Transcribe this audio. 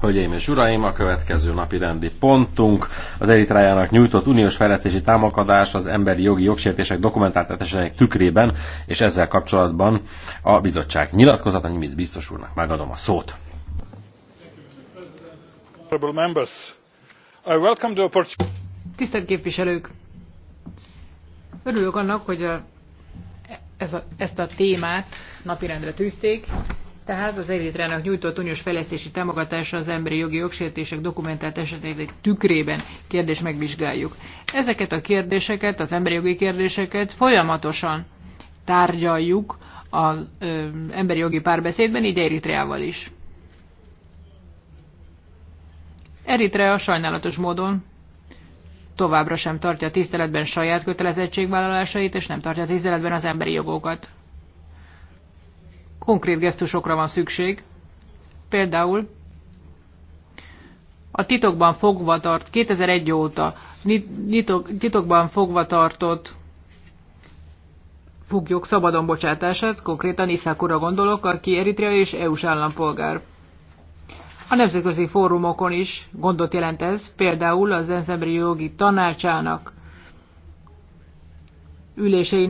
Hölgyeim és uraim, a következő napi rendi pontunk az Eritrájának nyújtott uniós fejlesztési támogatás az emberi jogi jogsértések dokumentált esetek tükrében, és ezzel kapcsolatban a bizottság nyilatkozata, Nimitz biztos úrnak megadom a szót. Tisztelt képviselők! Örülök annak, hogy a, ez a, ezt a témát napirendre tűzték, tehát az Eritreának nyújtott uniós fejlesztési támogatása az emberi jogi jogsértések dokumentált esetének tükrében kérdés megvizsgáljuk. Ezeket a kérdéseket, az emberi jogi kérdéseket folyamatosan tárgyaljuk az ö, emberi jogi párbeszédben, így Eritreával is. Eritrea sajnálatos módon továbbra sem tartja tiszteletben saját kötelezettségvállalásait, és nem tartja tiszteletben az emberi jogokat konkrét gesztusokra van szükség. Például a titokban fogva tart, 2001 óta nitok, titokban fogva tartott foglyok szabadon bocsátását, konkrétan Iszákura gondolok, aki Eritrea és EU-s állampolgár. A nemzetközi fórumokon is gondot jelent ez, például az ENSZ Emberi Jogi Tanácsának ülésein